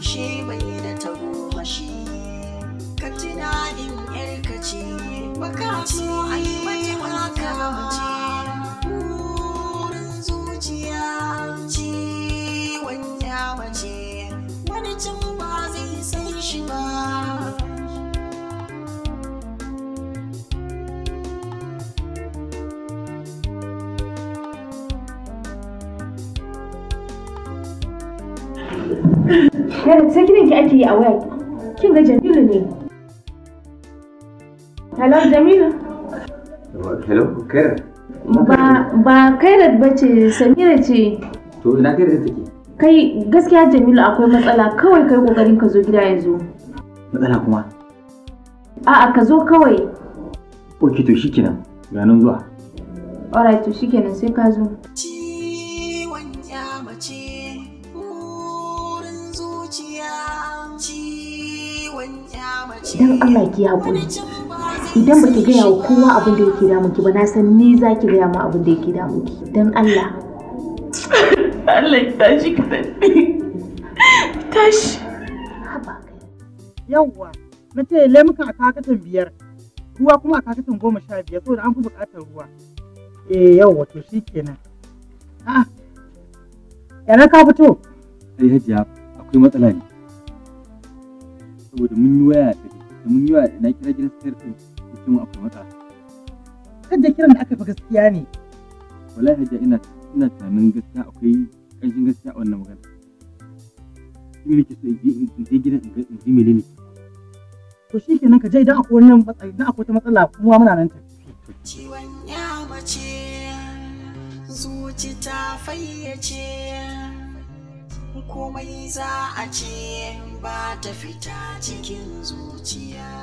shi bai da tagomashi ka tuna yarka ce makasu Kada sai kiran ki ake yi a waya. Kin ga Jamilu ne. Hello Jamilu. Hello Kaira. Ba ba Kaira bace Samira ce. To ina Kaira take? Kai gaskiya Jamilu akwai matsala kawai kai kokarin ka zo gida yanzu. Matsala kuma? A'a ka zo kawai. Ok to shikenan. Ganin zuwa. Alright to shikenan sai ka zo. Idan Allah ki haƙuri, idan ba ki gaya wa kowa abin da yake damun ki ba na san ni za ki gaya ma abin da yake damun ki. Don Allah. Allah ki tashi ka Tashi. Yawwa, na ce lemukan a kakatan biyar, ruwa kuma a kakatan goma sha biyar, saboda an fi buƙatar ruwa. Eh yawwa to shi kenan. A'a, ah. yana ka fito? Ai hajiya, akwai matsala ne. saboda mun yi waya da mun yi waya na kira gidan sayar din yake mun akwai matsala kan da kiran da aka fi gaskiya ne wallahi hajja ina ina tunanin gaskiya akwai ƙanshin gaskiya a wannan magana shi ne ke so in je gidan in ji menene to shi kenan ka je idan akwai wannan matsala idan akwai wata matsala kuma muna nan tafi ciwon ya bace zuci ta fayyace komai za a ce ba ta fita cikin zuciya